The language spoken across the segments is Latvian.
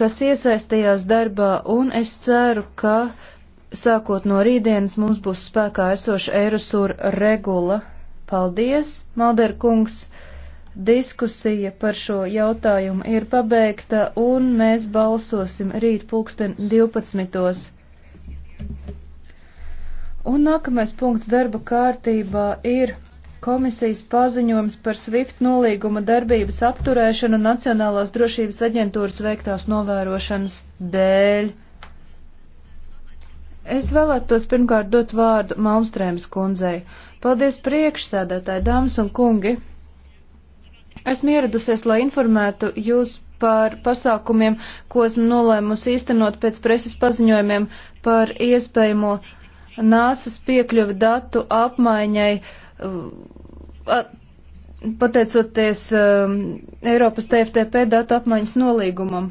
kas iesaistījās darbā, un es ceru, ka sākot no rītdienas mums būs spēkā esoša Eirosūra regula. Paldies, Malder kungs! Diskusija par šo jautājumu ir pabeigta, un mēs balsosim rīt pulksten 12. Un nākamais punkts darba kārtībā ir Komisijas paziņojums par SWIFT nolīguma darbības apturēšanu Nacionālās drošības aģentūras veiktās novērošanas dēļ. Es vēlētos pirmkārt dot vārdu Malmstrēmas kundzei. Paldies priekšsēdētāji, dāmas un kungi! Esmu ieradusies, lai informētu jūs par pasākumiem, ko esmu nolēmusi īstenot pēc preses paziņojumiem par iespējamo nāsas piekļuvi datu apmaiņai uh, pateicoties um, Eiropas TFTP datu apmaiņas nolīgumam.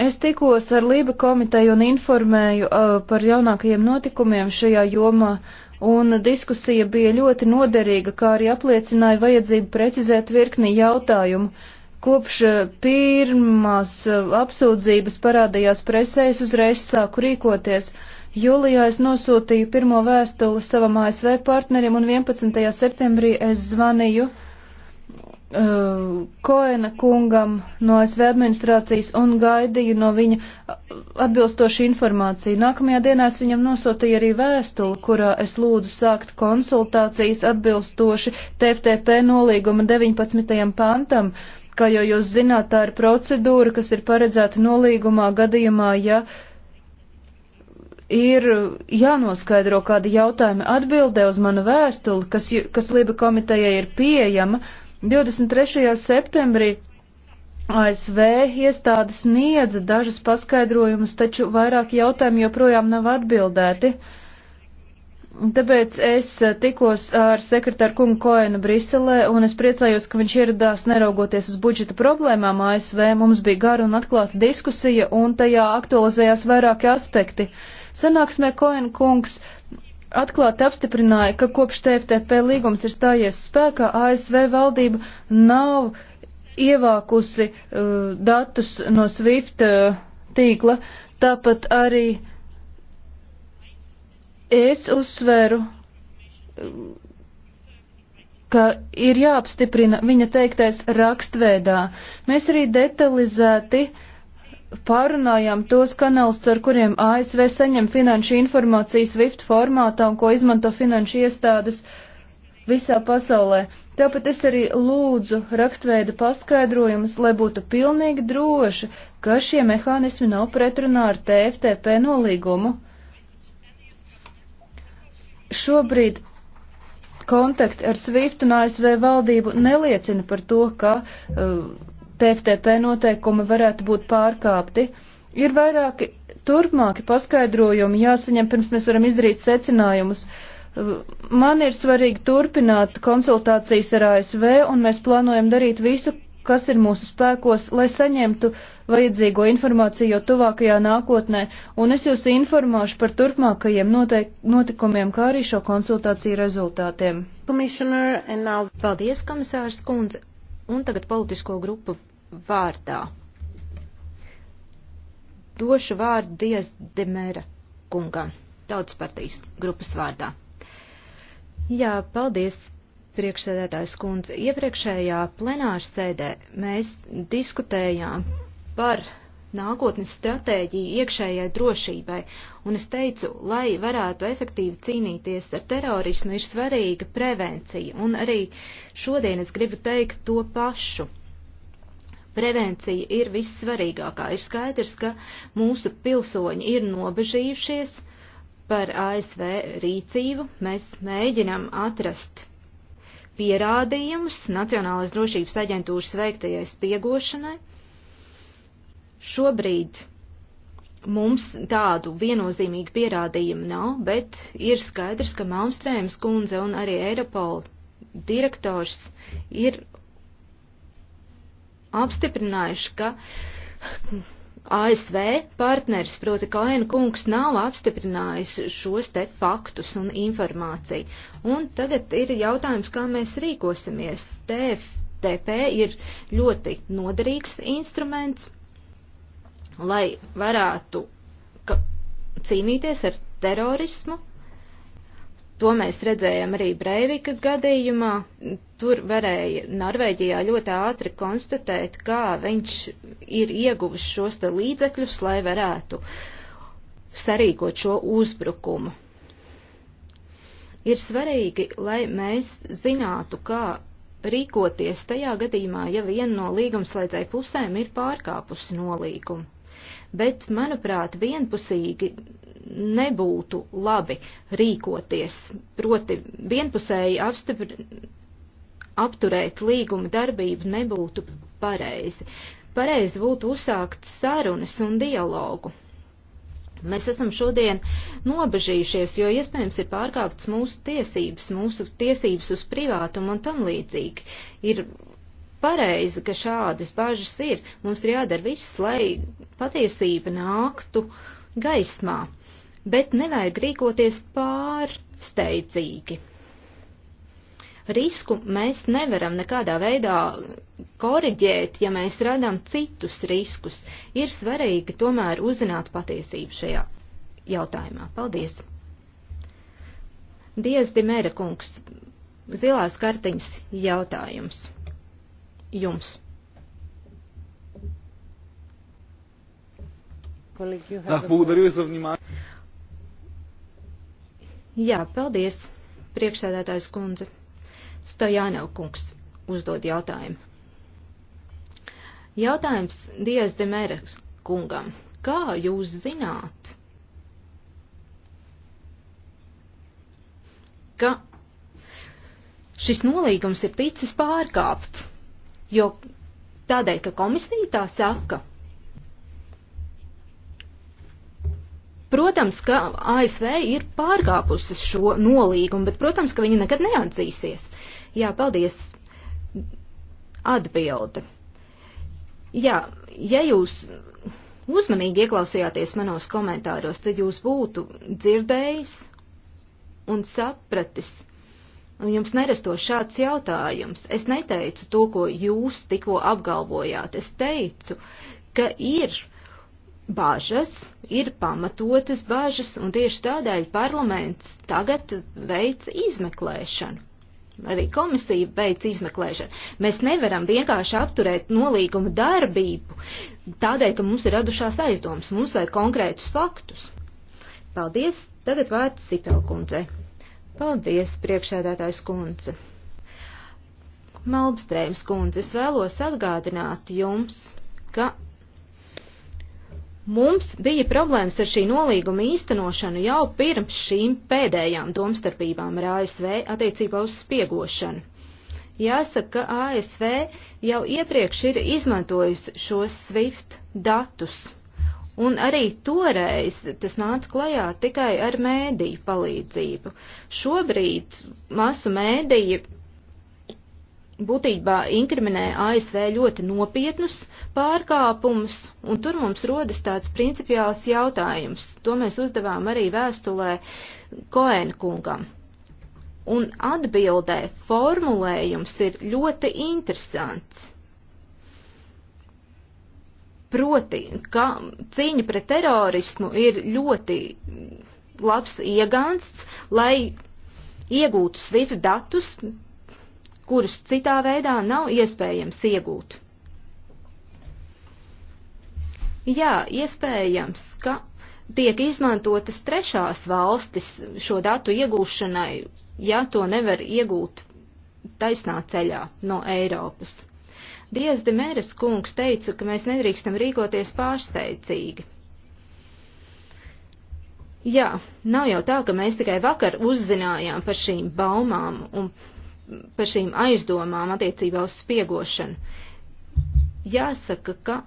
Es tikos ar Lība komiteju un informēju par jaunākajiem notikumiem šajā jomā, un diskusija bija ļoti noderīga, kā arī apliecināja vajadzību precizēt virkni jautājumu. Kopš pirmās apsūdzības parādījās presē, es uzreiz sāku rīkoties. Uh, Jūlijā es nosūtīju pirmo vēstuli savam ASV partnerim un 11. septembrī es zvanīju uh, Koena kungam no ASV administrācijas un gaidīju no viņa uh, atbilstošu informāciju. Nākamajā dienā es viņam nosūtīju arī vēstuli, kurā es lūdzu sākt konsultācijas atbilstoši TFTP nolīguma 19. pantam. Kā jau jūs zināt, tā ir procedūra, kas ir paredzēta nolīgumā gadījumā, ja uh, ir jānoskaidro kādi jautājumi atbildē uz manu vēstuli, kas, kas Liba komitejai ir pieejama. 23. septembrī ASV iestādes niedza dažus paskaidrojumus, taču vairāk jautājumu joprojām nav atbildēti. Tāpēc es tikos ar sekretāru kungu Koenu Briselē, un es priecājos, ka viņš ieradās neraugoties uz budžeta problēmām ASV. Mums bija gara un atklāta diskusija, un tajā aktualizējās vairāki aspekti. Uh, Sanāksmē Koen kungs atklāti apstiprināja, ka kopš TFTP līgums ir stājies spēkā, ASV valdība nav ievākusi uh, datus no SWIFT uh, tīkla, tāpat arī es uzsveru, uh, ka ir jāapstiprina viņa teiktais rakstvēdā. Mēs arī detalizēti uh, pārunājām tos kanālus, ar kuriem ASV saņem finanšu informāciju SWIFT formātā un ko izmanto finanšu iestādes visā pasaulē. Tāpēc es arī lūdzu rakstveida paskaidrojumus, lai būtu pilnīgi droši, ka šie mehānismi nav pretrunā ar TFTP nolīgumu. Šobrīd kontakti ar SWIFT un ASV valdību neliecina par to, ka uh, TFTP noteikumi varētu būt pārkāpti. Ir vairāki turpmāki paskaidrojumi jāsaņem, pirms mēs varam izdarīt secinājumus. Man ir svarīgi turpināt konsultācijas ar ASV, un mēs plānojam darīt visu, kas ir mūsu spēkos, lai saņemtu vajadzīgo informāciju jau tuvākajā nākotnē, un es jūs informāšu par turpmākajiem noteik, notikumiem, kā arī šo konsultāciju rezultātiem. Now... Paldies, komisārs Kundze! Un tagad politisko grupu vārdā. Došu vārdu Dievs Demera kungam, tautas partijas grupas vārdā. Jā, paldies, priekšsēdētājs kundze. Iepriekšējā plenārsēdē mēs diskutējām par nākotnes stratēģiju iekšējai drošībai, un es teicu, lai varētu efektīvi cīnīties ar terorismu, ir svarīga prevencija, un arī šodien es gribu teikt to pašu. Prevencija ir vissvarīgākā. Ir skaidrs, ka mūsu pilsoņi ir nobežījušies par ASV rīcību. Mēs mēģinam atrast pierādījumus Nacionālās drošības aģentūras veiktajai spiegošanai. Šobrīd mums tādu viennozīmīgu pierādījumu nav, bet ir skaidrs, ka Malmstrēmas kundze un arī Eiropola direktors ir apstiprinājuši, ka ASV partneris, proti Kaina kungs, nav apstiprinājis šos te faktus un informāciju. Un tagad ir jautājums, kā mēs rīkosimies. TFTP ir ļoti noderīgs instruments lai varētu cīnīties ar terorismu. To mēs redzējām arī Breivika gadījumā. Tur varēja Norvēģijā ļoti ātri konstatēt, kā viņš ir ieguvis šos te līdzekļus, lai varētu sarīkot šo uzbrukumu. Ir svarīgi, lai mēs zinātu, kā rīkoties tajā gadījumā, ja viena no līgumslēdzēju pusēm ir pārkāpusi nolīgumu bet, manuprāt, vienpusīgi nebūtu labi rīkoties, proti vienpusēji apstipr... apturēt līguma darbību nebūtu pareizi. Pareizi būtu uzsākt sarunas un dialogu. Mēs esam šodien nobežījušies, jo iespējams ir pārkāptas mūsu tiesības, mūsu tiesības uz privātumu un tam līdzīgi. Ir pareizi, ka šādas bažas ir. Mums ir jādara viss, lai patiesība nāktu gaismā, bet nevajag rīkoties pārsteidzīgi. Risku mēs nevaram nekādā veidā koriģēt, ja mēs radām citus riskus. Ir svarīgi tomēr uzzināt patiesību šajā jautājumā. Paldies! Dievs Dimēra kungs, zilās kartiņas jautājums jums. Ah, благодарю за внимание. Jā, paldies, priekšsēdētājs kundze. Stojānev kungs uzdod jautājumu. Jautājums Dievs Demereks kungam. Kā jūs zināt, ka šis nolīgums ir ticis pārkāpts? jo tādēļ, ka komisija tā saka. Protams, ka ASV ir pārkāpusi šo nolīgumu, bet, protams, ka viņi nekad neatzīsies. Jā, paldies. Atbilde. Jā, ja jūs uzmanīgi ieklausījāties manos komentāros, tad jūs būtu dzirdējis un sapratis Un jums nerastos šāds jautājums. Es neteicu to, ko jūs tikko apgalvojāt. Es teicu, ka ir bažas, ir pamatotas bažas, un tieši tādēļ parlaments tagad veic izmeklēšanu. Arī komisija veic izmeklēšanu. Mēs nevaram vienkārši apturēt nolīguma darbību tādēļ, ka mums ir radušās aizdomas. Mums vajag konkrētus faktus. Paldies! Tagad vārds Sipelkundzei. Paldies, priekšēdētājs kundze. Malmstrēms kundze, es vēlos atgādināt jums, ka mums bija problēmas ar šī nolīguma īstenošanu jau pirms šīm pēdējām domstarpībām ar ASV attiecībā uz spiegošanu. Jāsaka, ka ASV jau iepriekš ir izmantojusi šos SWIFT datus Un arī toreiz tas nāca klajā tikai ar mēdīju palīdzību. Šobrīd masu mēdīja būtībā inkriminē ASV ļoti nopietnus pārkāpumus, un tur mums rodas tāds principiāls jautājums. To mēs uzdevām arī vēstulē Koēna kungam. Un atbildē formulējums ir ļoti interesants Proti, ka cīņa pret terorismu ir ļoti labs iegānsts, lai iegūtu SWIFT datus, kurus citā veidā nav iespējams iegūt. Jā, iespējams, ka tiek izmantotas trešās valstis šo datu iegūšanai, ja to nevar iegūt taisnā ceļā no Eiropas. Dievs Demēras kungs teica, ka mēs nedrīkstam rīkoties pārsteidzīgi. Jā, nav jau tā, ka mēs tikai vakar uzzinājām par šīm baumām un par šīm aizdomām attiecībā uz spiegošanu. Jāsaka, ka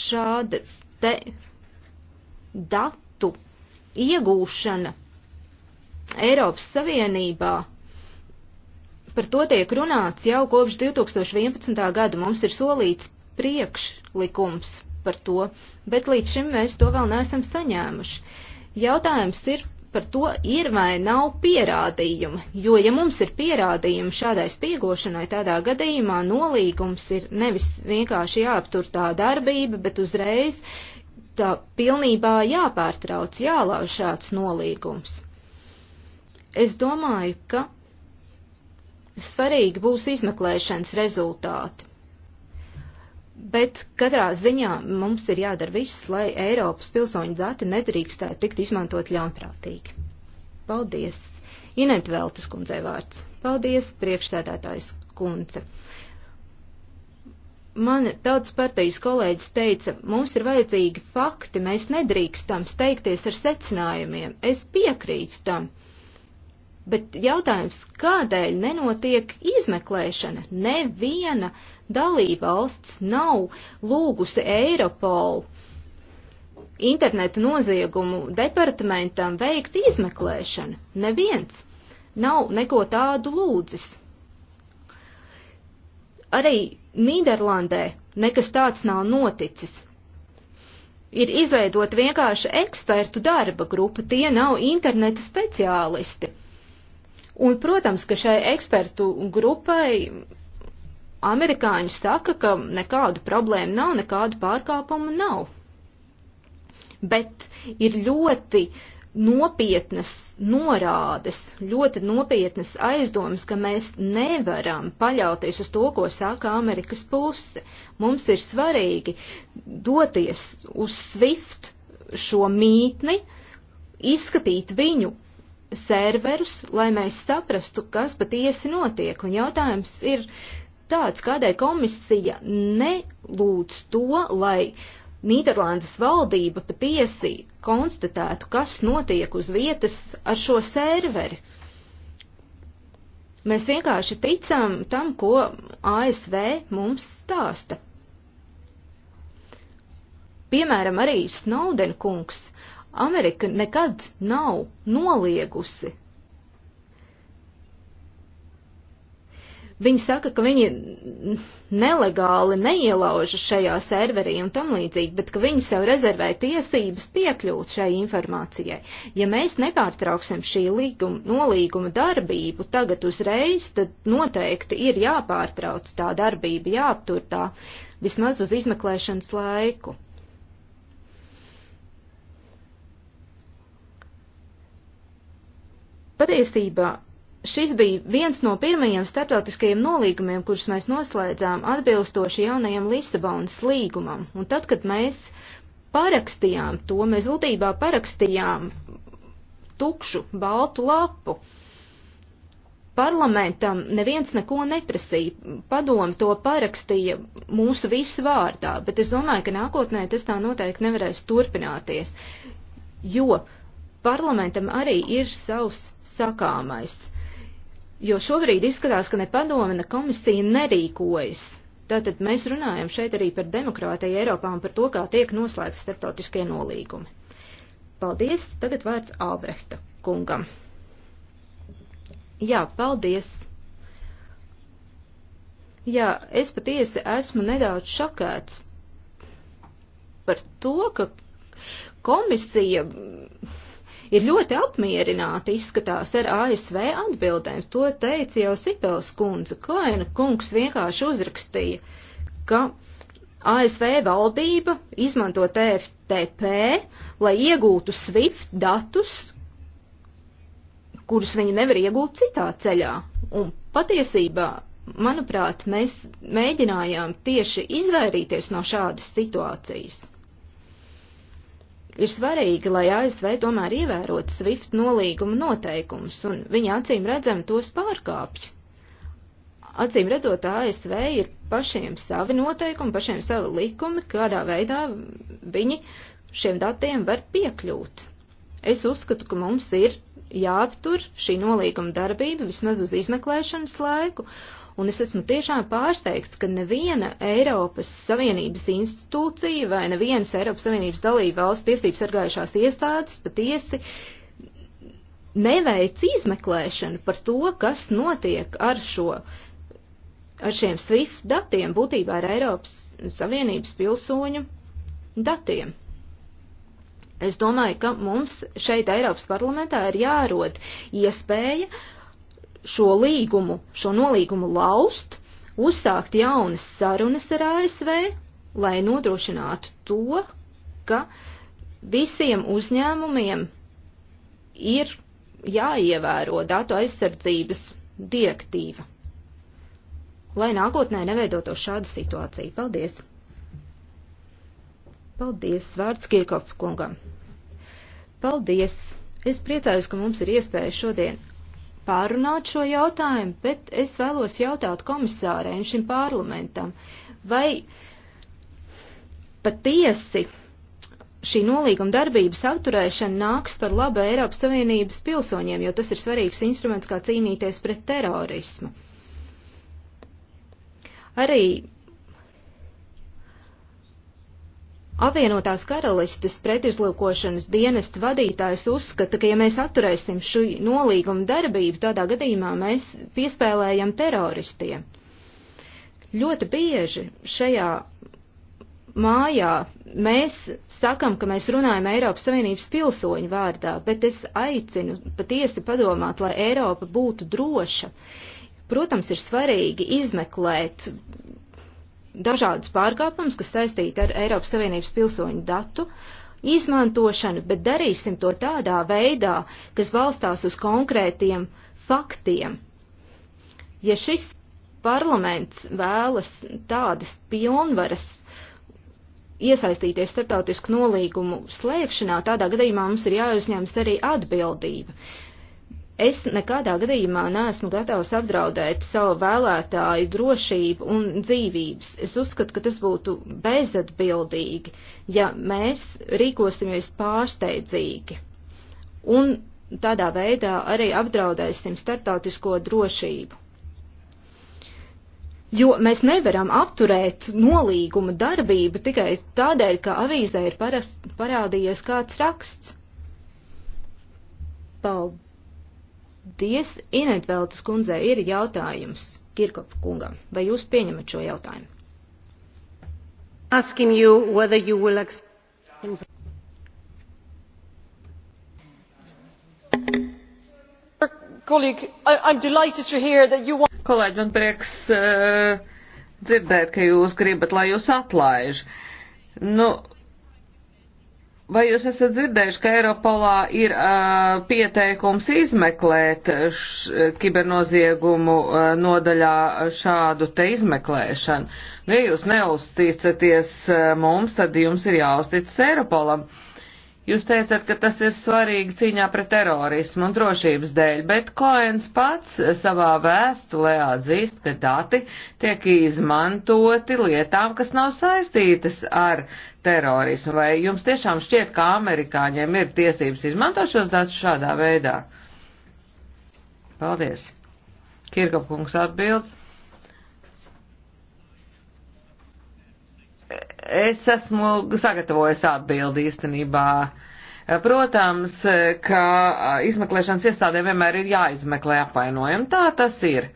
šāda te datu iegūšana Eiropas Savienībā Par to tiek runāts jau kopš 2011. gada. Mums ir solīts priekšlikums par to, bet līdz šim mēs to vēl neesam saņēmuši. Jautājums ir par to, ir vai nav pierādījumi, jo ja mums ir pierādījumi šādai spiegošanai, tādā gadījumā nolīgums ir nevis vienkārši jāaptur tā darbība, bet uzreiz tā pilnībā jāpārtrauc, jālauž šāds nolīgums. Es domāju, ka Svarīgi būs izmeklēšanas rezultāti. Bet katrā ziņā mums ir jādara viss, lai Eiropas pilsoņu dati nedrīkstētu tikt izmantot ļaunprātīgi. Paldies! Inent Veltes kundzei vārds. Paldies, priekšstādātājs kundze. Man tautas partijas kolēģis teica, mums ir vajadzīgi fakti, mēs nedrīkstam steigties ar secinājumiem. Es piekrītu tam. Uh, Bet jautājums, kādēļ nenotiek izmeklēšana? Neviena dalībvalsts nav lūgusi Eiropolu interneta noziegumu departamentam veikt izmeklēšanu. Neviens nav neko tādu lūdzis. Arī Nīderlandē nekas tāds nav noticis. Ir izveidota vienkārši ekspertu darba grupa, tie nav interneta speciālisti. Un, protams, ka šai ekspertu grupai amerikāņi saka, ka nekādu problēmu nav, nekādu pārkāpumu nav. Bet ir ļoti nopietnas norādes, ļoti nopietnas aizdomas, ka mēs nevaram paļauties uz to, ko saka Amerikas puse. Mums ir svarīgi doties uz SWIFT šo mītni, izskatīt viņu serverus, lai mēs saprastu, kas patiesi notiek. Un jautājums ir tāds, kādēļ komisija nelūdz to, lai Nīderlandes valdība patiesi konstatētu, kas notiek uz vietas ar šo serveri. Mēs vienkārši ticam tam, ko ASV mums stāsta. Piemēram, arī Snowden kungs Amerika nekad nav noliegusi. Viņi saka, ka viņi nelegāli neielauža šajā serverī un tam līdzīgi, bet ka viņi sev rezervē tiesības piekļūt šai informācijai. Ja mēs nepārtrauksim šī līguma, nolīguma darbību tagad uzreiz, tad noteikti ir jāpārtrauc tā darbība, jāaptur tā vismaz uz izmeklēšanas laiku. Patiesībā šis bija viens no pirmajiem starptautiskajiem nolīgumiem, kurus mēs noslēdzām atbilstoši jaunajam Lisabonas līgumam. Un tad, kad mēs parakstījām to, mēs būtībā parakstījām tukšu baltu lapu. Parlamentam neviens neko neprasīja, padomu to parakstīja mūsu visu vārdā, bet es domāju, ka nākotnē tas tā noteikti nevarēs turpināties, jo uh, parlamentam arī ir savs sakāmais, jo šobrīd izskatās, ka ne padome, ne komisija nerīkojas. Tātad mēs runājam šeit arī par demokrātiju Eiropā un par to, kā tiek noslēgts starptautiskie nolīgumi. Paldies, tagad vārds Ābrehta kungam. Jā, paldies. Jā, es patiesi esmu nedaudz šokēts par to, ka komisija ir ļoti apmierināti izskatās ar ASV atbildēm. To teica jau Sipels kundze. Koena kungs vienkārši uzrakstīja, ka ASV valdība izmanto TFTP, lai iegūtu SWIFT datus, kurus viņi nevar iegūt citā ceļā. Un patiesībā manuprāt, mēs mēģinājām tieši izvairīties no šādas situācijas ir svarīgi, lai ASV tomēr ievērotu SWIFT nolīguma noteikumus, un viņi acīm redzam tos pārkāpj. Acīm redzot, ASV ir pašiem savi noteikumi, pašiem savi likumi, kādā veidā viņi šiem datiem var piekļūt. Es uzskatu, ka mums ir jāaptur šī nolīguma darbība vismaz uz izmeklēšanas laiku, un es esmu tiešām pārsteigts, ka neviena Eiropas Savienības institūcija vai nevienas Eiropas Savienības dalība valsts tiesības sargājušās iestādes patiesi neveic izmeklēšanu par to, kas notiek ar šo, ar šiem SWIFT datiem, būtībā ar Eiropas Savienības pilsoņu datiem. Es domāju, ka mums šeit Eiropas parlamentā ir jārod iespēja šo līgumu, šo nolīgumu laust, uzsākt jaunas sarunas ar ASV, lai nodrošinātu to, ka visiem uzņēmumiem ir jāievēro datu aizsardzības direktīva, lai nākotnē neveidotos šāda situācija. Paldies! Paldies, vārds Kirkopa kungam. Paldies! Es priecājos, ka mums ir iespēja šodien pārunāt šo jautājumu, bet es vēlos jautāt komisārai un šim parlamentam, vai patiesi šī nolīguma darbības apturēšana nāks par labu Eiropas Savienības pilsoņiem, jo tas ir svarīgs instruments, kā cīnīties pret terorismu. Arī Apvienotās karalistes pretizlūkošanas dienesta vadītājs uzskata, ka ja mēs atturēsim šo nolīgumu darbību, tādā gadījumā mēs piespēlējam teroristiem. Ļoti bieži šajā mājā mēs sakam, ka mēs runājam Eiropas Savienības pilsoņu vārdā, bet es aicinu patiesi padomāt, lai Eiropa būtu droša. Protams, ir svarīgi izmeklēt dažādus pārkāpumus, kas saistīti ar Eiropas Savienības pilsoņu datu izmantošanu, bet darīsim to tādā veidā, kas balstās uz konkrētiem faktiem. Ja šis parlaments vēlas tādas pilnvaras iesaistīties starptautisku nolīgumu slēgšanā, tādā gadījumā mums ir jāuzņemas arī atbildība. Es nekādā gadījumā neesmu gatavs apdraudēt savu vēlētāju drošību un dzīvības. Es uzskatu, ka tas būtu bezatbildīgi, ja mēs rīkosimies pārsteidzīgi. Un tādā veidā arī apdraudēsim startautisko drošību. Jo mēs nevaram apturēt nolīguma darbību tikai tādēļ, ka avīzē ir parast, parādījies kāds raksts. Paldies! Paldies! Inetveltas kundzē ir jautājums Kirkopa kungam. Vai jūs pieņemat šo jautājumu? Asking you whether you will accept... Kolēģi, want... Kolēģi, man prieks uh, dzirdēt, ka jūs gribat, lai jūs atlaiž. Nu, Vai jūs esat dzirdējuši, ka Eiropolā ir uh, pieteikums izmeklēt š, kibernoziegumu uh, nodaļā šādu te izmeklēšanu? Nu, ja jūs neusticaties uh, mums, tad jums ir jāuzticas Eiropolam. Uh, Jūs teicat, ka tas ir svarīgi cīņā pret terorismu un drošības dēļ, bet Koens pats savā vēstulē atzīst, ka dati tiek izmantoti lietām, kas nav saistītas ar terorismu. Vai jums tiešām šķiet, ka amerikāņiem ir tiesības izmantot šos datus šādā veidā? Paldies. Kirkapkungs atbild. es esmu sagatavojis atbildi īstenībā. Protams, ka izmeklēšanas iestādēm vienmēr ir jāizmeklē apvainojumi. Tā tas ir.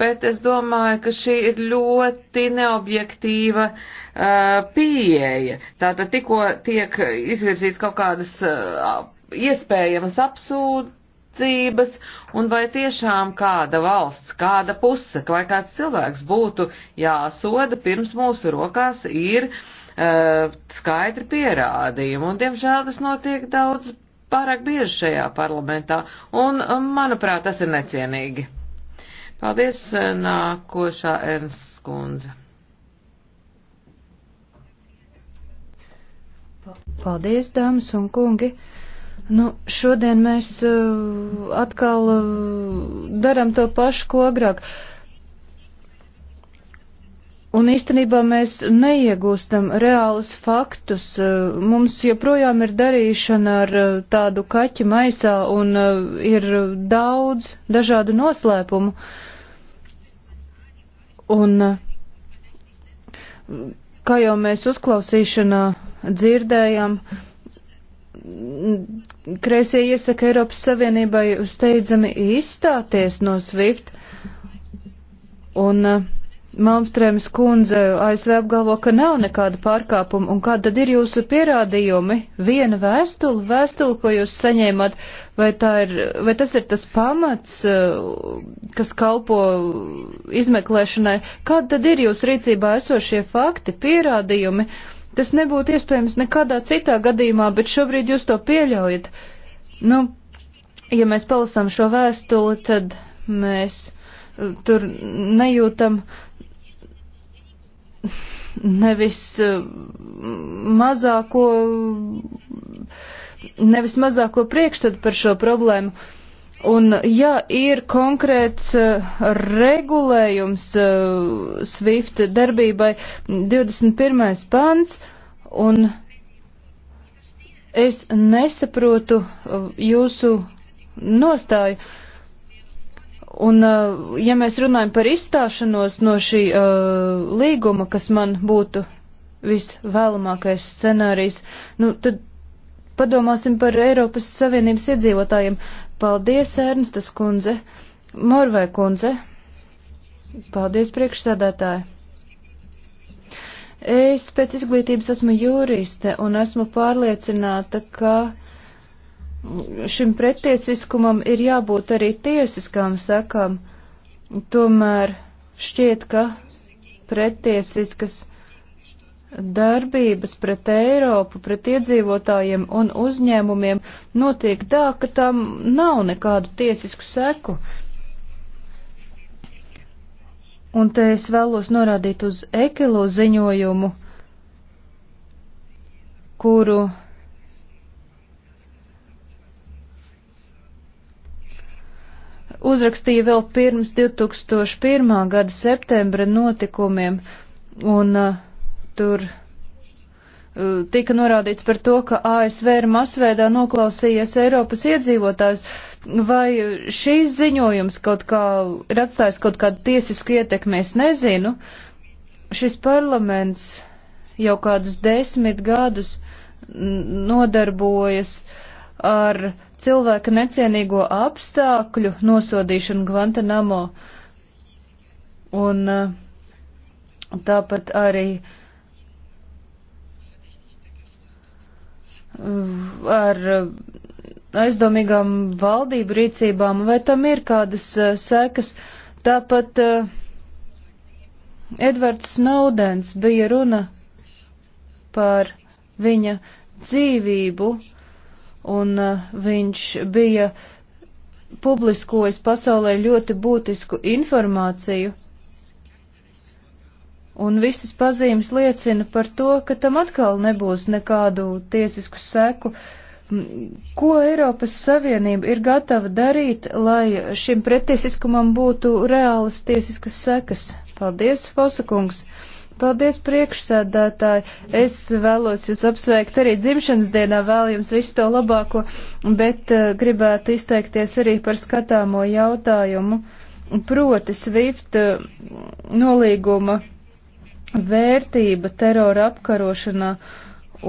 Bet es domāju, ka šī ir ļoti neobjektīva uh, pieeja. Tātad tikko tiek izvirzīts kaut kādas uh, iespējamas apsūdzības tiesības, un vai tiešām kāda valsts, kāda puse, vai kāds cilvēks būtu jāsoda, pirms mūsu rokās ir uh, skaidri pierādījumi, un diemžēl tas notiek daudz pārāk bieži šajā parlamentā, un manuprāt, tas ir necienīgi. Paldies, e, nākošā Ernsts Kundze. Paldies, dāmas un kungi! Nu, šodien mēs uh, atkal uh, eh, daram to pašu, ko agrāk. Un īstenībā mēs neiegūstam reālus faktus. Uh, mums joprojām ir darīšana ar uh, tādu kaķu maisā un uh, ir daudz dažādu noslēpumu. Un uh, kā jau mēs uzklausīšanā dzirdējām, uh, kreisie iesaka Eiropas Savienībai steidzami izstāties no SWIFT, un uh, Malmstrēmas kundze ASV apgalvo, ka nav nekāda pārkāpuma, un kāda tad ir jūsu pierādījumi? Viena vēstule, vēstule, ko jūs saņēmat, vai, ir, vai tas ir tas pamats, uh, kas kalpo izmeklēšanai? Kāda tad ir jūsu rīcībā esošie fakti, pierādījumi? Uh, Tas nebūtu iespējams nekādā citā gadījumā, bet šobrīd jūs to pieļaujat. Nu, ja mēs palasām šo vēstuli, tad mēs uh, tur nejūtam nevis uh, mazāko, nevis mazāko priekšstatu par šo problēmu. Un ja ir konkrēts eh, regulējums eh, SWIFT darbībai 21. pants, un es nesaprotu eh, jūsu nostāju. Un, ja mēs runājam par izstāšanos no šī uh, līguma, kas man būtu visvēlamākais scenārijs, nu, tad padomāsim par Eiropas Savienības iedzīvotājiem. Paldies, Ernstas kundze, Morvai kundze. Paldies, priekšsēdētāji. Es pēc izglītības esmu juriste un esmu pārliecināta, ka šim pretiesiskumam ir jābūt arī tiesiskām sakām. Tomēr šķiet, ka pretiesiskas darbības pret Eiropu, pret iedzīvotājiem un uzņēmumiem notiek tā, ka tam nav nekādu tiesisku seku. Un te es vēlos norādīt uz Ekelo ziņojumu, kuru uzrakstīja vēl pirms 2001. gada septembra notikumiem, un uh, Tur uh, tika norādīts par to, ka ASV ir masveidā noklausījies Eiropas iedzīvotājus. Vai šīs ziņojums kaut kā ir atstājis kaut kādu tiesisku ietekmi, es nezinu. Šis parlaments jau kādus desmit gadus nodarbojas ar cilvēka necienīgo apstākļu nosodīšanu Guantanamo. Un uh, tāpat arī uh, ar uh, aizdomīgām valdību rīcībām, vai tam ir kādas uh, sekas. Tāpat uh, Edvards Snowdens bija runa par viņa dzīvību, un viņš bija publiskojis pasaulē ļoti būtisku informāciju un visas pazīmes liecina par to, ka tam atkal nebūs nekādu tiesisku seku. Ko Eiropas Savienība ir gatava darīt, lai šim pretiesiskumam būtu reālas tiesiskas sekas? Paldies, Fosakungs! Paldies, priekšsēdētāji! Es vēlos jūs apsveikt arī dzimšanas dienā, vēl jums visu to labāko, bet uh, gribētu izteikties arī par skatāmo jautājumu, proti Swift uh, nolīguma vērtība terora apkarošanā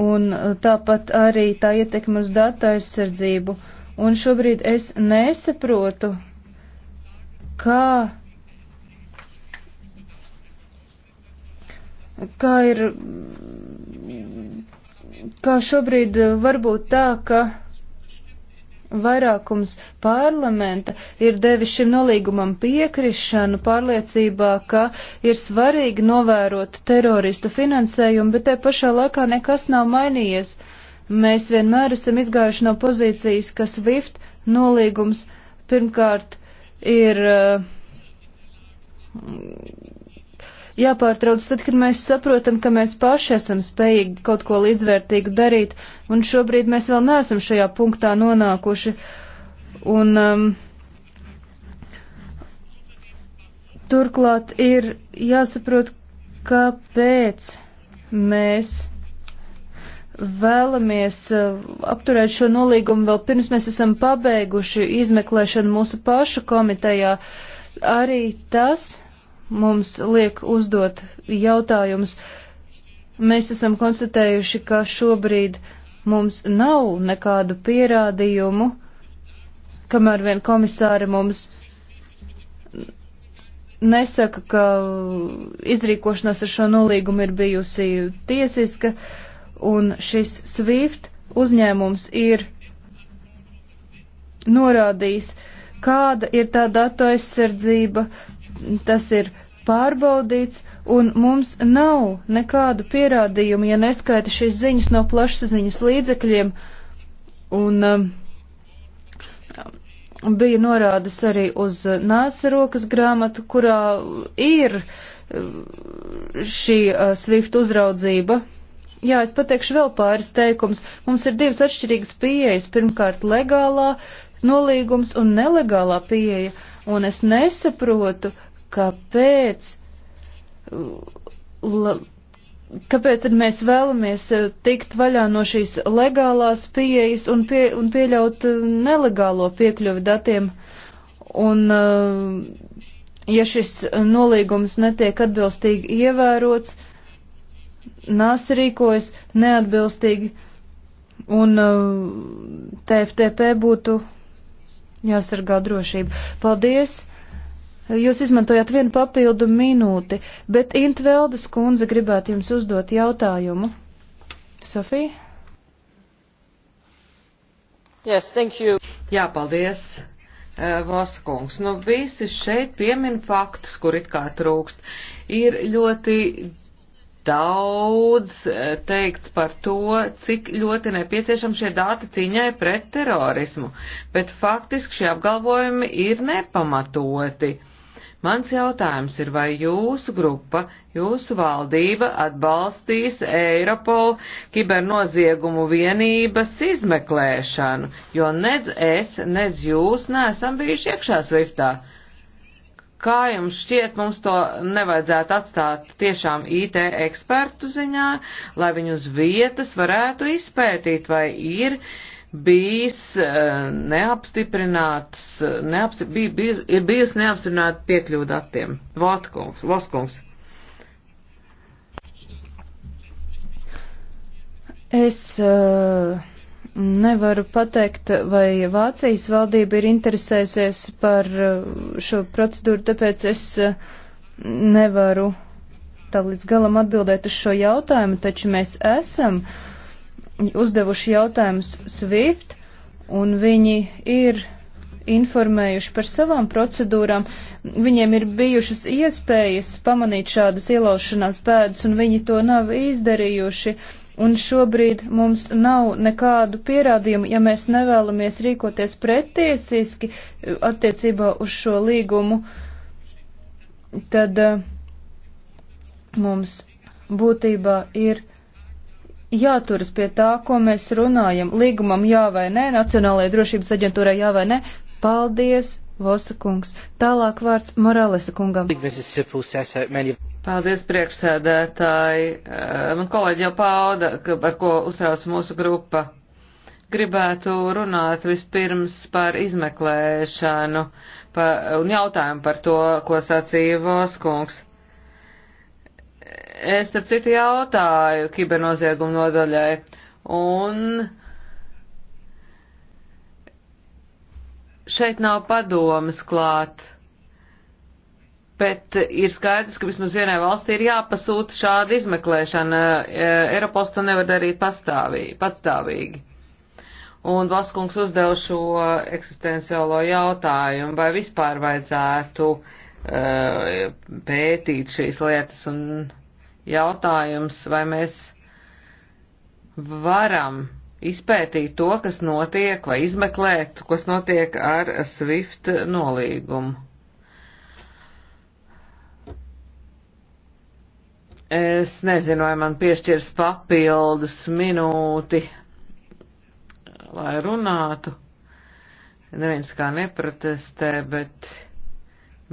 un uh, tāpat arī tā ietekme uz datu aizsardzību. Un šobrīd es nesaprotu, kā, kā ir, kā šobrīd uh, var būt tā, ka vairākums parlamenta ir devis šim nolīgumam piekrišanu pārliecībā, ka ir svarīgi novērot teroristu finansējumu, bet te pašā laikā nekas nav mainījies. Mēs vienmēr esam izgājuši no pozīcijas, ka SWIFT nolīgums pirmkārt ir. Uh, jāpārtrauc tad, kad mēs saprotam, ka mēs paši esam spējīgi kaut ko līdzvērtīgu darīt, un šobrīd mēs vēl neesam šajā punktā nonākuši. Un, um, turklāt ir jāsaprot, kāpēc mēs vēlamies uh, apturēt šo nolīgumu vēl pirms mēs esam pabeiguši izmeklēšanu mūsu pašu komitejā. Arī tas mums liek uzdot jautājumus. Mēs esam konstatējuši, ka šobrīd mums nav nekādu pierādījumu, kamēr vien komisāri mums nesaka, ka izrīkošanās ar šo nolīgumu ir bijusi tiesiska, un šis SWIFT uzņēmums ir norādījis, kāda ir tā datu aizsardzība, uh, tas ir pārbaudīts, un mums nav nekādu pierādījumu, ja neskaita šīs ziņas no plašsaziņas līdzekļiem, un um, bija norādes arī uz nāsa rokas grāmatu, kurā ir uh, šī uh, Swift uzraudzība. Jā, es pateikšu vēl pāris teikums. Mums ir divas atšķirīgas pieejas. Pirmkārt, legālā nolīgums un nelegālā pieeja. Uh, un es nesaprotu, kāpēc, la, kāpēc tad mēs vēlamies eh, tikt vaļā no šīs legālās pieejas un, pie, un pieļaut eh, nelegālo piekļuvi datiem. Un, eh, ja šis nolīgums netiek atbilstīgi ievērots, NAS rīkojas neatbilstīgi, un TFTP būtu jāsargā drošība. Paldies! Jūs izmantojāt vienu papildu minūti, bet Intveldes kundze gribētu jums uzdot jautājumu. Sofija? Yes, thank you. Jā, paldies. Eh, Vaskungs, nu visi šeit piemin faktus, kur it kā trūkst. Ir ļoti daudz eh, teikts par to, cik ļoti nepieciešami šie dati cīņai pret terorismu, bet faktiski šie apgalvojumi ir nepamatoti. Mans jautājums ir, vai jūsu grupa, jūsu valdība atbalstīs Eiropolu kibernoziegumu vienības izmeklēšanu, jo nedz es, nedz jūs neesam bijuši iekšā sviftā. Kā jums šķiet, mums to nevajadzētu atstāt tiešām IT ekspertu ziņā, lai viņi uz vietas varētu izpētīt, vai ir bijis eh, neapstiprināts, eh, neapstipr, bij, bij, ir bijusi neapstiprināta piekļuva datiem. Votkungs, Voskungs. Es uh, Nevaru pateikt, vai Vācijas valdība ir interesēsies par uh, šo procedūru, tāpēc es uh, nevaru tā līdz galam atbildēt uz šo jautājumu, taču mēs esam uzdevuši jautājumus SWIFT, un viņi ir informējuši par savām procedūrām. Viņiem ir bijušas iespējas pamanīt šādas ielaušanās pēdas, un viņi to nav izdarījuši. Uh, Un šobrīd mums nav nekādu pierādījumu, ja mēs nevēlamies rīkoties pretiesiski eh, attiecībā uz šo līgumu, tad eh, mums būtībā ir jāturas pie tā, ko mēs runājam. Līgumam jā vai nē, Nacionālajai drošības aģentūrai jā vai nē. Paldies, Vosa kungs. Tālāk vārds Moralesa kungam. Paldies, priekšsēdētāji. Eh, man kolēģi jau pauda, par ko uztrauc mūsu grupa. Gribētu runāt vispirms par izmeklēšanu pa, un jautājumu par to, ko sacīja Voskungs. Es, starp citu, jautāju kibernoziegumu nodaļai un šeit nav padomas klāt Bet ir skaidrs, ka vismaz vienai valstī ir jāpasūta šāda izmeklēšana. E, Eiropas to nevar darīt patstāvīgi. Un Vaskungs uzdev šo eksistenciālo jautājumu, vai vispār vajadzētu uh, pētīt šīs lietas un jautājums, vai mēs varam izpētīt to, kas notiek, vai izmeklēt, kas notiek ar SWIFT nolīgumu. Es nezinu, vai man piešķirs papildus minūti, lai runātu. Neviens kā neprotestē, bet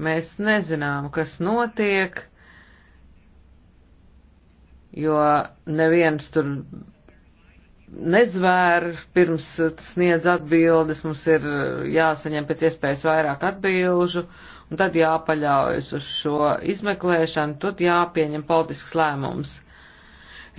mēs nezinām, kas notiek, jo neviens tur nezvēr pirms sniedz atbildes. Mums ir jāsaņem pēc iespējas vairāk atbilžu un tad jāpaļaujas uz šo izmeklēšanu, tad jāpieņem politisks lēmums.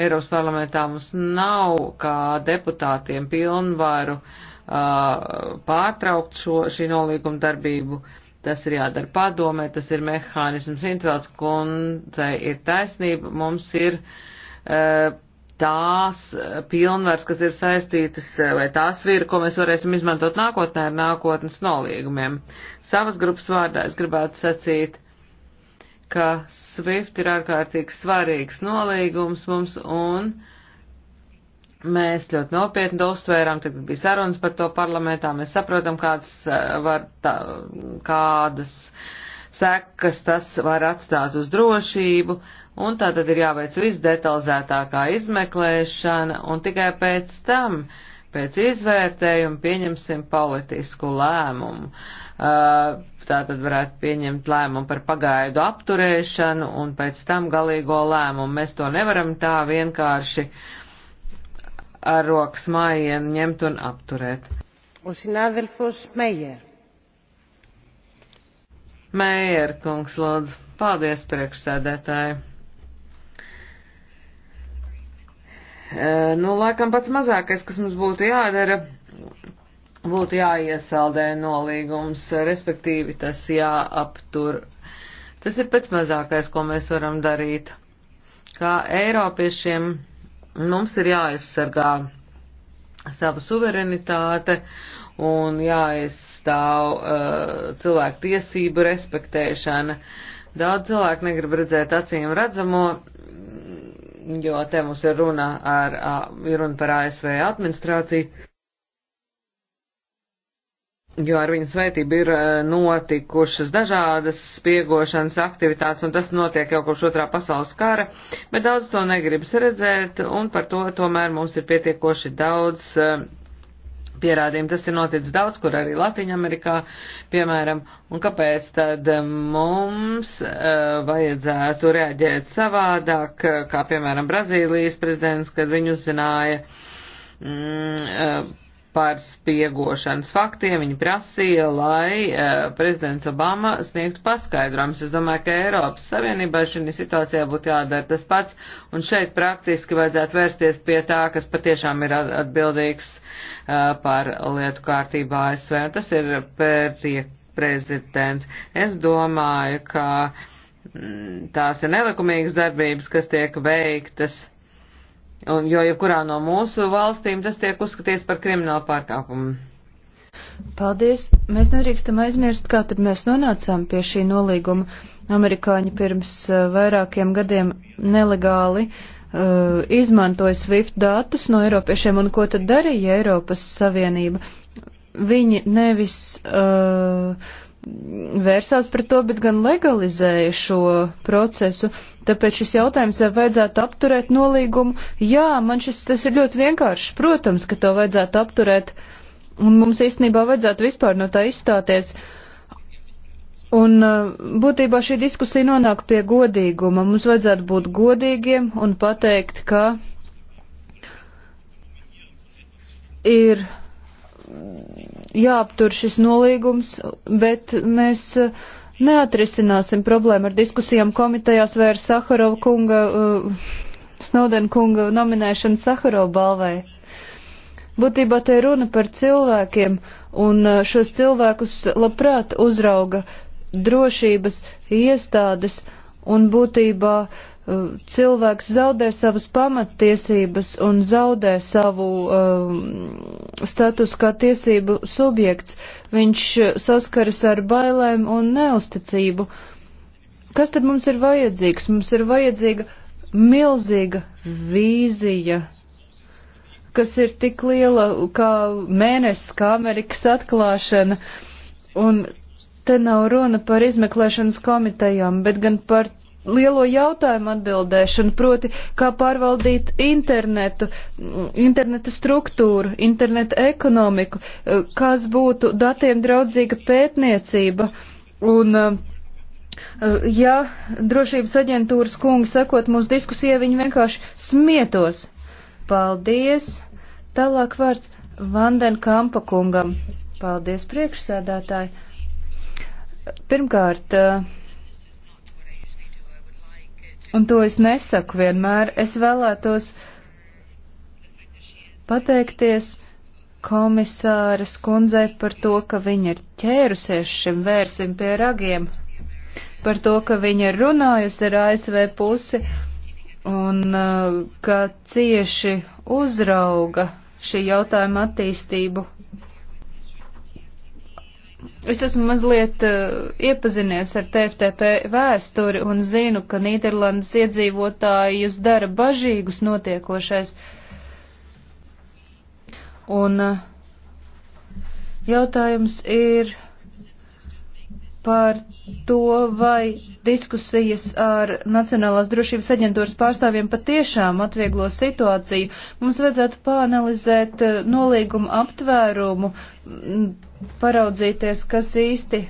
Eiropas parlamentā mums nav kā deputātiem pilnvaru uh, pārtraukt šo, šī nolīguma darbību. Tas ir jādara padomē, tas ir mehānisms. Intvēlts kundzei ir taisnība, mums ir uh, tās eh, pilnvars, kas ir saistītas, eh, vai tās vīri, ko mēs varēsim izmantot nākotnē ar nākotnes nolīgumiem. Savas grupas vārdā es gribētu sacīt, ka SWIFT ir ārkārtīgi svarīgs nolīgums mums un mēs ļoti nopietni to uztvērām, tad bija sarunas par to parlamentā, mēs saprotam, kādas eh, var, tā, kādas sekas tas var atstāt uz drošību. Uh, un tā tad ir jāveic visdetalizētākā izmeklēšana, un tikai pēc tam, pēc izvērtējuma, pieņemsim politisku lēmumu. Uh, tā tad varētu pieņemt lēmumu par pagaidu apturēšanu, un pēc tam galīgo lēmumu. Mēs to nevaram tā vienkārši ar rokas mājienu ņemt un apturēt. Meijer kungs, lūdzu, paldies priekšsēdētāji. Nu, laikam pats mazākais, kas mums būtu jādara, būtu jāiesaldē nolīgums, respektīvi tas jāaptur. Tas ir pēc mazākais, ko mēs varam darīt. Kā Eiropiešiem mums ir jāaizsargā sava suverenitāte un jāaizstāv uh, cilvēku tiesību respektēšana. Daudz cilvēku negrib redzēt acīm redzamo, jo te mums ir runa, ar, ir runa par ASV administrāciju, jo ar viņas vērtību ir e, notikušas dažādas spiegošanas aktivitātes, un tas notiek jau kopš otrā pasaules kara, bet daudz to negribas redzēt, un par to tomēr mums ir pietiekoši daudz. Uh, pierādījumi. Tas ir noticis daudz, kur arī Latviņamerikā, piemēram, un kāpēc tad eh, mums uh, vajadzētu reaģēt savādāk, eh, kā piemēram Brazīlijas prezidents, kad viņi uzzināja mm, par spiegošanas faktiem. Viņi prasīja, lai uh, prezidents Obama sniegtu paskaidrojums. Es domāju, ka Eiropas Savienībā šajā situācijā būtu jādara tas pats, un šeit praktiski vajadzētu vērsties pie tā, kas patiešām ir atbildīgs uh, par lietu kārtībā ASV, un tas ir pērtiek prezidents. Es domāju, ka mm, tās ir nelikumīgas darbības, kas tiek veiktas Un, jo jebkurā no mūsu valstīm tas tiek uzskatīts par kriminālu pārkāpumu. Paldies! Mēs nedrīkstam aizmirst, kā tad mēs nonācām pie šī nolīguma. Amerikāņi pirms uh, vairākiem gadiem nelegāli uh, izmantoja SWIFT datus no Eiropiešiem, un ko tad darīja Eiropas Savienība? Viņi nevis uh, vērsās pret to, bet gan legalizēja šo procesu. Tāpēc šis jautājums, vai vajadzētu apturēt nolīgumu, jā, man šis tas ir ļoti vienkāršs. Protams, ka to vajadzētu apturēt, un mums īstenībā vajadzētu vispār no tā izstāties. Un uh, būtībā šī diskusija nonāk pie godīguma. Mums vajadzētu būt godīgiem un pateikt, ka ir jāaptur šis nolīgums, bet mēs uh, neatrisināsim problēmu ar diskusijām komitejās vai ar Saharova kunga, uh, Snowden kunga nominēšanu Saharova balvai. Būtībā te runa par cilvēkiem, un uh, šos cilvēkus labprāt uzrauga drošības iestādes, un būtībā uh, cilvēks zaudē savas pamattiesības un zaudē savu um, status kā tiesību subjekts. Viņš uh, saskaras ar bailēm un neusticību. Kas tad mums ir vajadzīgs? Mums ir vajadzīga milzīga vīzija, kas ir tik liela kā mēnesis, kā Amerikas atklāšana. Un te nav runa par izmeklēšanas komitejām, bet gan par lielo jautājumu atbildēšanu, proti, kā pārvaldīt internetu, interneta struktūru, interneta ekonomiku, kas būtu datiem draudzīga pētniecība un eh, Ja drošības aģentūras kungi sekot mūsu diskusijai, viņi vienkārši smietos. Paldies! Tālāk vārds Vanden Kampa kungam. Paldies priekšsēdētāji! Pirmkārt, uh, un to es nesaku vienmēr, es vēlētos pateikties komisāras kundzei par to, ka viņa ir ķērusies šim vērsim pie ragiem, par to, ka viņa ir runājusi ar ASV pusi un uh, ka cieši uzrauga šī jautājuma attīstību Es esmu mazliet uh, iepazinies ar TFTP vēsturi un zinu, ka Nīderlandes iedzīvotāji jūs dara bažīgus notiekošais. Un uh, jautājums ir par to, vai diskusijas ar Nacionālās drošības aģentūras pārstāvjiem patiešām atvieglo situāciju. Mums vajadzētu pāanalizēt eh, nolīgumu aptvērumu, paraudzīties, kas īsti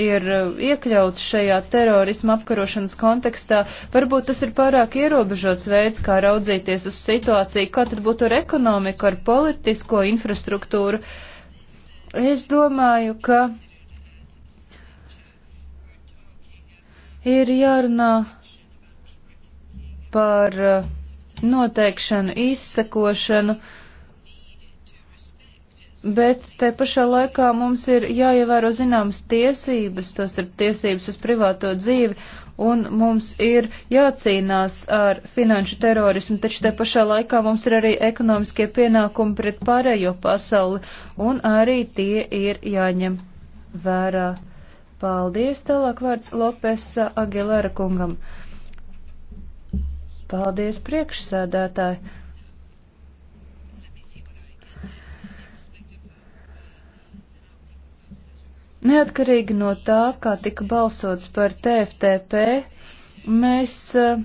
ir eh, iekļauts šajā terorisma apkarošanas kontekstā. Varbūt tas ir pārāk ierobežots veids, kā raudzīties uz situāciju, kā tad būtu ar ekonomiku, ar politisko infrastruktūru. Es domāju, ka ir jārunā par uh, noteikšanu, izsekošanu, bet te pašā laikā mums ir jāievēro zināmas tiesības, tos starp tiesības uz privāto dzīvi, un mums ir jācīnās ar finanšu terorismu, taču te pašā laikā mums ir arī ekonomiskie pienākumi pret pārējo pasauli, un arī tie ir jāņem vērā. Paldies, tālāk vārds Lopes Agilera kungam. Paldies, priekšsēdētāji. Neatkarīgi no tā, kā tika balsots par TFTP, mēs eh,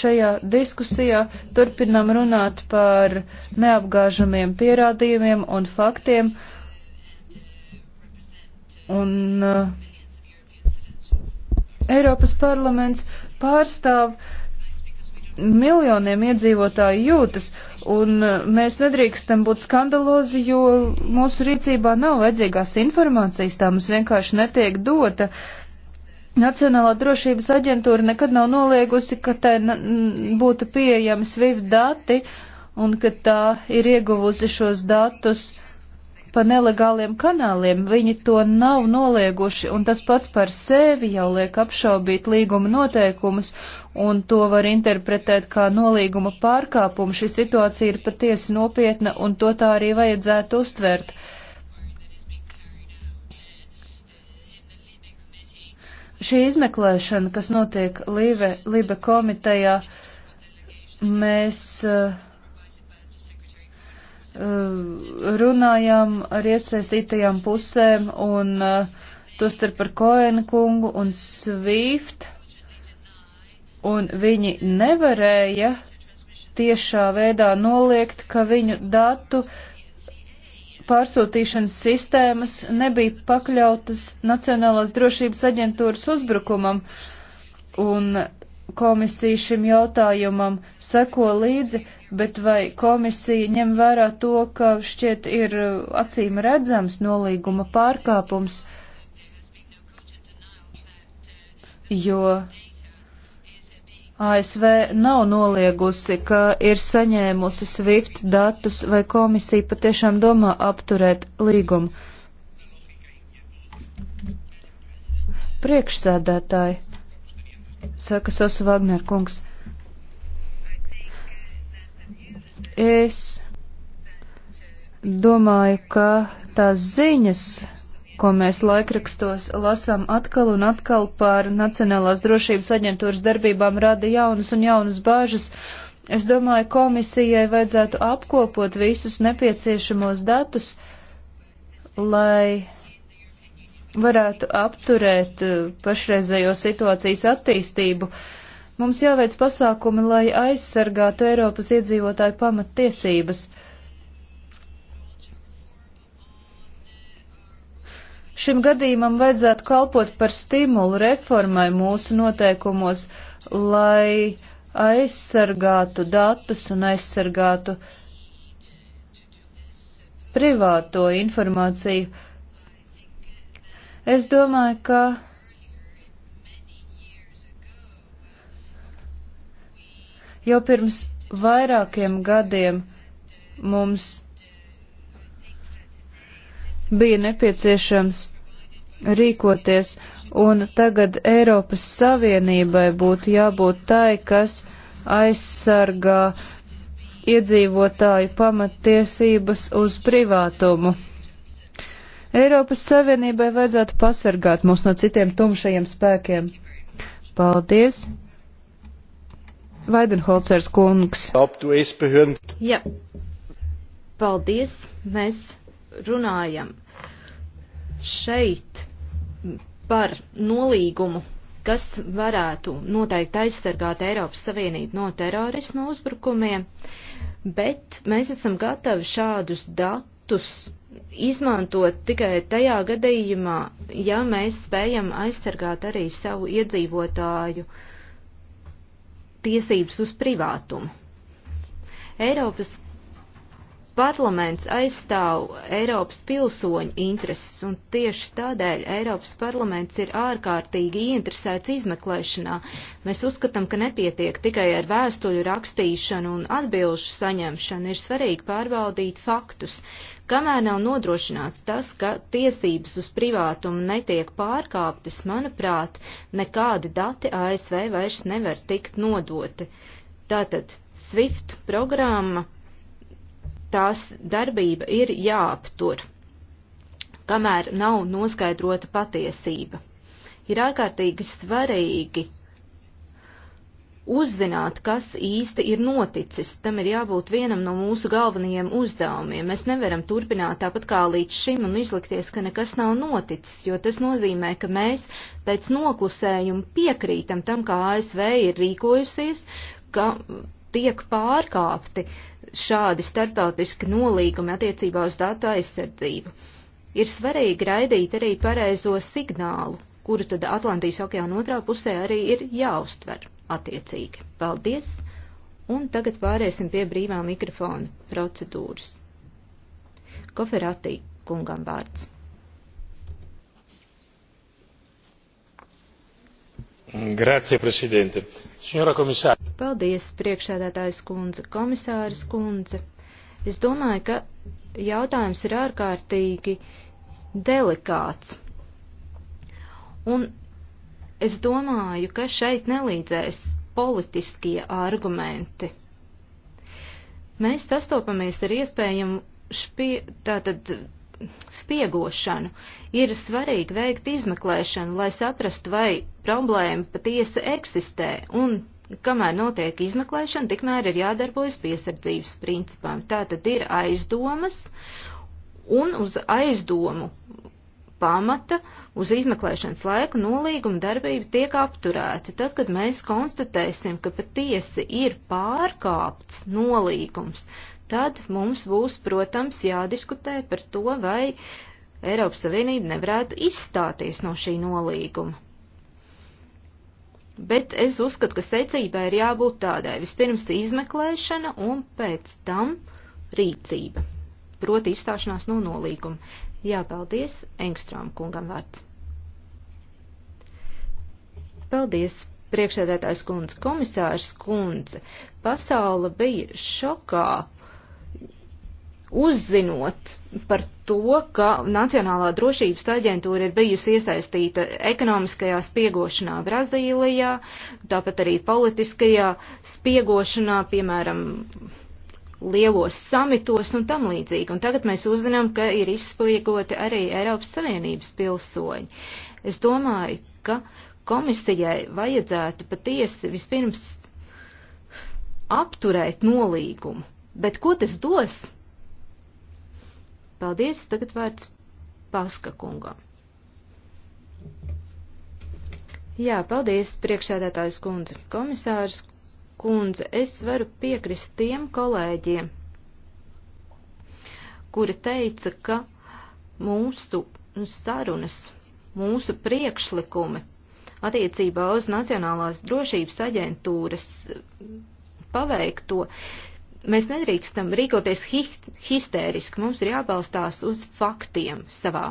šajā diskusijā turpinam runāt par neapgāžamiem pierādījumiem un faktiem. Un uh, Eiropas parlaments pārstāv miljoniem iedzīvotāju jūtas, un uh, mēs nedrīkstam būt skandalozi, jo mūsu rīcībā nav vajadzīgās informācijas, tā mums vienkārši netiek dota. Nacionālā drošības aģentūra nekad nav noliegusi, ka tai būtu pieejami SWIFT dati un ka tā ir ieguvusi šos datus uh, pa nelegāliem kanāliem. Viņi to nav nolieguši, un tas pats par sevi jau liek apšaubīt līguma noteikumus, un to var interpretēt kā nolīguma pārkāpumu. Šī situācija ir patiesi nopietna, un to tā arī vajadzētu uztvert. Šī izmeklēšana, kas notiek Līve, Lībe komitejā, mēs uh, runājām ar iesaistītajām pusēm un eh, tostarp ar Koena kungu un Swift, un viņi nevarēja tiešā veidā noliegt, ka viņu datu pārsūtīšanas sistēmas nebija pakļautas Nacionālās drošības aģentūras uzbrukumam, un komisija šim jautājumam seko līdzi, bet vai komisija ņem vērā to, ka šķiet ir uh, acīm redzams nolīguma pārkāpums, jo ASV nav noliegusi, ka ir saņēmusi SWIFT datus, vai komisija patiešām domā apturēt līgumu. Priekšsēdētāji, saka Sosa Vagner kungs. Es domāju, ka tās ziņas, ko mēs laikrakstos lasām atkal un atkal par Nacionālās drošības aģentūras darbībām, rada jaunas un jaunas bāžas. Es domāju, komisijai vajadzētu apkopot visus nepieciešamos datus, lai varētu apturēt uh, pašreizējo situācijas attīstību. Uh, Mums jāveic pasākumi, lai aizsargātu Eiropas iedzīvotāju pamattiesības. Šim gadījumam vajadzētu kalpot par stimulu reformai mūsu noteikumos, lai aizsargātu datus un aizsargātu privāto informāciju. Es domāju, ka Jau pirms vairākiem gadiem mums bija nepieciešams rīkoties, un tagad Eiropas Savienībai būtu jābūt tai, kas aizsargā iedzīvotāju pamattiesības uz privātumu. Eiropas Savienībai vajadzētu pasargāt mūs no citiem tumšajiem spēkiem. Paldies! Vaidenholcers kungs. Jā, paldies. Mēs runājam šeit par nolīgumu, kas varētu noteikti aizsargāt Eiropas Savienību no terorisma uzbrukumiem, bet mēs esam gatavi šādus datus izmantot tikai tajā gadījumā, ja mēs spējam aizsargāt arī savu iedzīvotāju uh, tiesības uz privātumu. Eiropas parlaments aizstāv Eiropas pilsoņu intereses, un tieši tādēļ Eiropas parlaments ir ārkārtīgi ieinteresēts izmeklēšanā. Mēs uzskatām, ka nepietiek tikai ar vēstuļu rakstīšanu un atbilžu saņemšanu, ir svarīgi pārbaudīt faktus. Kamēr nav nodrošināts tas, ka tiesības uz privātumu netiek pārkāptas, manuprāt, nekādi dati ASV vairs nevar tikt nodoti. Tātad SWIFT programma, tās darbība ir jāaptur, kamēr nav noskaidrota patiesība. Ir ārkārtīgi svarīgi uzzināt, kas īsti ir noticis. Tam ir jābūt vienam no mūsu galvenajiem uzdevumiem. Mēs nevaram turpināt tāpat kā līdz šim un izlikties, ka nekas nav noticis, jo tas nozīmē, ka mēs pēc noklusējuma piekrītam tam, kā ASV ir rīkojusies, ka tiek pārkāpti šādi startautiski nolīgumi attiecībā uz datu aizsardzību. Ir svarīgi raidīt arī pareizo signālu, kuru tad Atlantijas okeāna otrā pusē arī ir jāuztver attiecīgi. Paldies! Un tagad pāriesim pie brīvā mikrofona procedūras. Koferatī kungam vārds. Grazie, prezidente. Signora komisāra. Paldies, priekšsēdētājs kundze, komisāris kundze. Es domāju, ka jautājums ir ārkārtīgi delikāts. Un Es domāju, ka šeit nelīdzēs politiskie argumenti. Mēs sastopamies ar iespējamu špie, tātad spiegošanu. Ir svarīgi veikt izmeklēšanu, lai saprastu, vai problēma patiesi eksistē, un kamēr notiek izmeklēšana, tikmēr ir jādarbojas piesardzības principām. Tātad ir aizdomas, un uz aizdomu pamata uz izmeklēšanas laiku nolīguma darbība tiek apturēta. Tad, kad mēs konstatēsim, ka patiesi ir pārkāpts nolīgums, tad mums būs, protams, jādiskutē par to, vai Eiropas Savienība nevarētu izstāties no šī nolīguma. Bet es uzskatu, ka secībai ir jābūt tādai. Vispirms izmeklēšana un pēc tam rīcība, proti izstāšanās no nolīguma. Jāpaldies Engstrom kungam vārds. Paldies, priekšsēdētājs kundze, komisārs kundze. Pasaula bija šokā uzzinot par to, ka Nacionālā drošības aģentūra ir bijusi iesaistīta ekonomiskajā spiegošanā Brazīlijā, tāpat arī politiskajā spiegošanā, piemēram, lielos samitos un tam līdzīgi. Un tagad mēs uzzinām, ka ir izspiegoti arī Eiropas Savienības pilsoņi. Es domāju, ka komisijai vajadzētu patiesi vispirms apturēt nolīgumu. Bet ko tas dos? Paldies, tagad vārds Paska kungam. Jā, paldies, priekšsēdētājs kundze, komisārs kundze, es varu piekrist tiem kolēģiem, kuri teica, ka mūsu sarunas, mūsu priekšlikumi attiecībā uz Nacionālās drošības aģentūras paveikto, mēs nedrīkstam rīkoties hi histēriski, mums ir jābalstās uz faktiem savā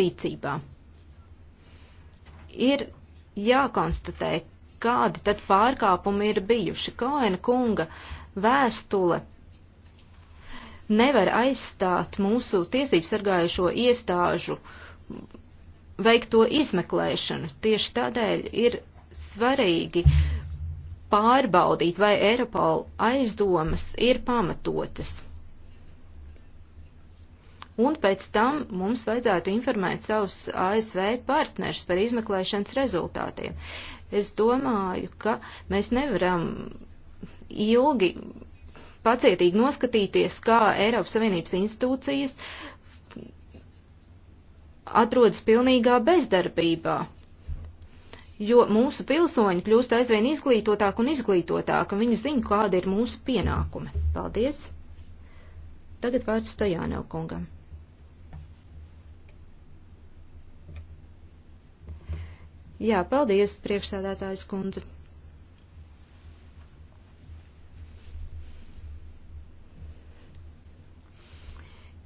rīcībā. Ir jākonstatē, kādi tad pārkāpumi ir bijuši. Koena kunga vēstule nevar aizstāt mūsu tiesību sargājušo iestāžu veikto izmeklēšanu. Tieši tādēļ ir svarīgi pārbaudīt, vai Eiropola aizdomas ir pamatotas un pēc tam mums vajadzētu informēt savus ASV partnerus par izmeklēšanas rezultātiem. Es domāju, ka mēs nevaram ilgi pacietīgi noskatīties, kā Eiropas Savienības institūcijas atrodas pilnīgā bezdarbībā jo mūsu pilsoņi kļūst aizvien izglītotāk un izglītotāk, un viņi zina, kāda ir mūsu pienākumi. Paldies! Tagad vārds Stojānev kungam. Jā, paldies, priekšsēdētājs kundze.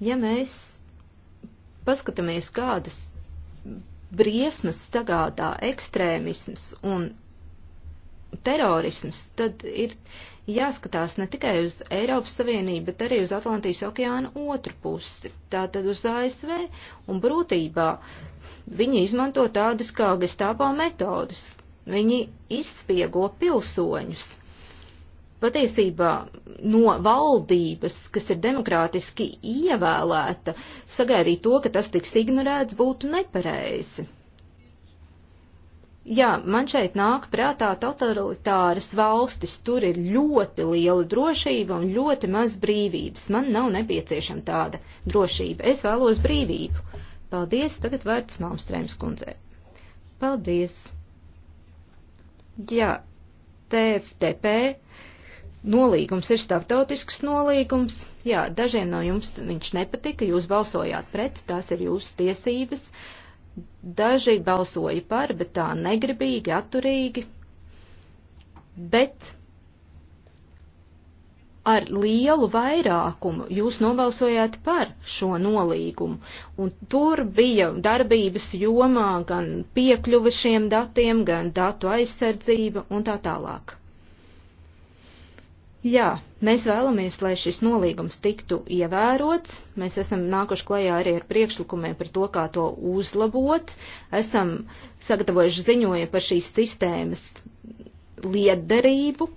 Ja mēs paskatāmies, kādas briesmas sagādā ekstrēmisms un terorisms, tad ir jāskatās ne tikai uz Eiropas Savienību, bet arī uz Atlantijas okeāna otru pusi, tātad uz ASV un brūtībā Viņi izmanto tādas kā gestāpā metodas. Viņi izspiego pilsoņus. Patiesībā no valdības, kas ir demokrātiski ievēlēta, sagaidīt to, ka tas tiks ignorēts, būtu nepareizi. Jā, man šeit nāk prātā totalitāras valstis, tur ir ļoti liela drošība un ļoti maz brīvības. Man nav nepieciešama tāda drošība. Es vēlos brīvību. Paldies, tagad vērts Malmstrēms kundzē. Paldies. Jā, TFTP nolīgums ir starptautisks nolīgums. Jā, dažiem no jums viņš nepatika, jūs balsojāt pret, tās ir jūsu tiesības. Daži balsoja par, bet tā negribīgi, atturīgi. Bet ar lielu vairākumu jūs nobalsojāt par šo nolīgumu, un tur bija darbības jomā gan piekļuva šiem datiem, gan datu aizsardzība un tā tālāk. Jā, mēs vēlamies, lai šis nolīgums tiktu ievērots, mēs esam nākuši klajā arī ar priekšlikumiem par to, kā to uzlabot, esam sagatavojuši ziņojumu par šīs sistēmas lietderību,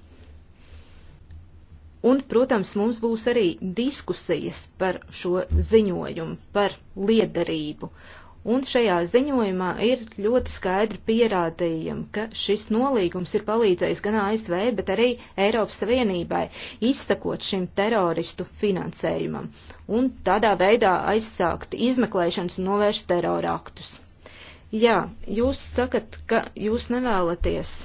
Un, protams, mums būs arī diskusijas par šo ziņojumu, par liederību. Un šajā ziņojumā ir ļoti skaidri pierādījumi, ka šis nolīgums ir palīdzējis gan ASV, bet arī Eiropas Savienībai izsakot šim teroristu finansējumam un tādā veidā aizsākt izmeklēšanas un novērst terorāktus. Jā, jūs sakat, ka jūs nevēlaties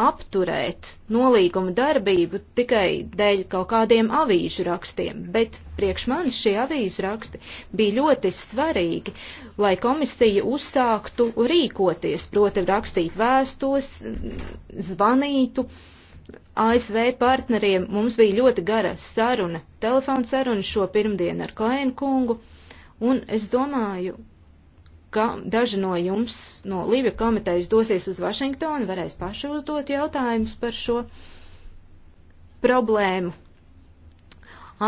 apturēt nolīguma darbību tikai dēļ kaut kādiem avīžu rakstiem, bet priekš manis šie avīžu raksti bija ļoti svarīgi, lai komisija uzsāktu rīkoties, proti rakstīt vēstules, zvanītu. ASV partneriem mums bija ļoti gara saruna, telefona saruna šo pirmdienu ar Koenu kungu, un es domāju, ka daži no jums no Lībija komitejas dosies uz Vašingtonu, varēs paši uzdot jautājumus par šo problēmu.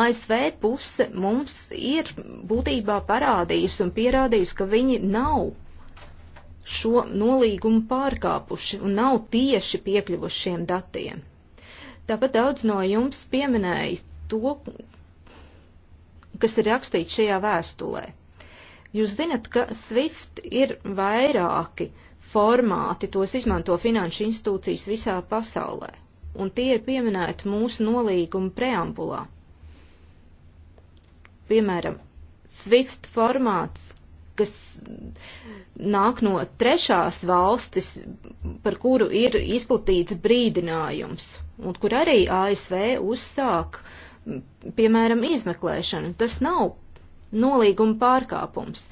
ASV puse mums ir būtībā parādījusi un pierādījusi, ka viņi nav šo nolīgumu pārkāpuši un nav tieši piekļuvuši šiem datiem. Tāpat daudz no jums pieminēja to, kas ir rakstīts šajā vēstulē. Jūs zinat, ka SWIFT ir vairāki formāti, tos izmanto finanšu institūcijas visā pasaulē, un tie ir pieminēti mūsu nolīguma preambulā. Piemēram, SWIFT formāts, kas nāk no trešās valstis, par kuru ir izplatīts brīdinājums, un kur arī ASV uzsāk, piemēram, izmeklēšanu. Tas nav nolīguma pārkāpums.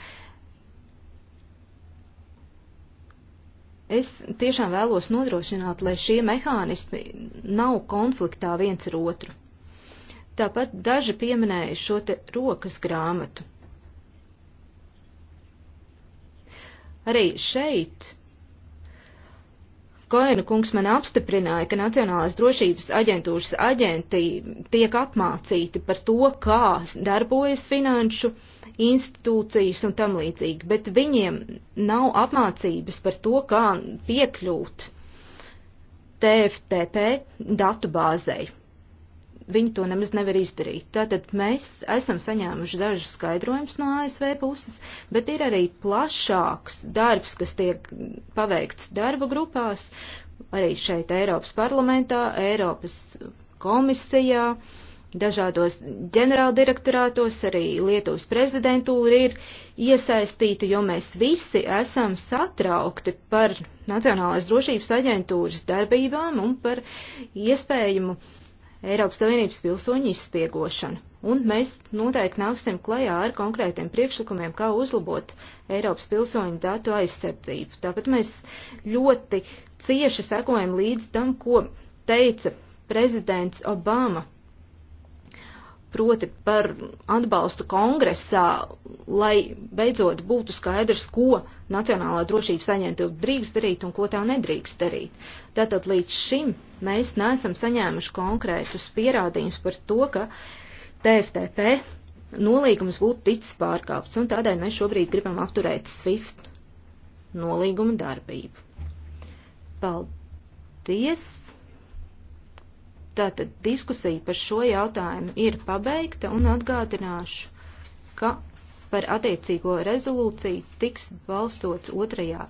Es tiešām vēlos nodrošināt, lai šie mehānismi nav konfliktā viens ar otru. Tāpat daži pieminēja šo te rokas grāmatu. Arī šeit Koena kungs man apstiprināja, ka Nacionālās drošības aģentūras aģenti tiek apmācīti par to, kā darbojas finanšu institūcijas un tam līdzīgi, bet viņiem nav apmācības par to, kā piekļūt TFTP datubāzei viņi to nemaz nevar izdarīt. Tātad mēs esam saņēmuši dažus skaidrojumus no ASV puses, bet ir arī plašāks darbs, kas tiek paveikts darba grupās, arī šeit Eiropas parlamentā, Eiropas komisijā, dažādos ģenerāldirektorātos, arī Lietuvas prezidentūra ir iesaistīta, jo mēs visi esam satraukti par Nacionālās drošības aģentūras darbībām un par iespējumu uh, Eiropas Savienības pilsoņu izspiegošana, un mēs noteikti nāksim klajā ar konkrētiem priekšlikumiem, kā uzlabot Eiropas pilsoņu datu aizsardzību. Tāpat mēs ļoti cieši sekojam līdz tam, ko teica prezidents Obama proti par atbalstu kongresā, lai beidzot būtu skaidrs, ko Nacionālā drošības aģentūra drīkst darīt un ko tā nedrīkst darīt. Tātad līdz šim mēs neesam saņēmuši konkrētus pierādījumus par to, ka TFTP nolīgums būtu ticis pārkāpts, un tādēļ mēs šobrīd gribam apturēt SWIFT nolīguma darbību. Paldies! Tātad diskusija par šo jautājumu ir pabeigta un atgādināšu, ka par attiecīgo rezolūciju tiks balsots otrajā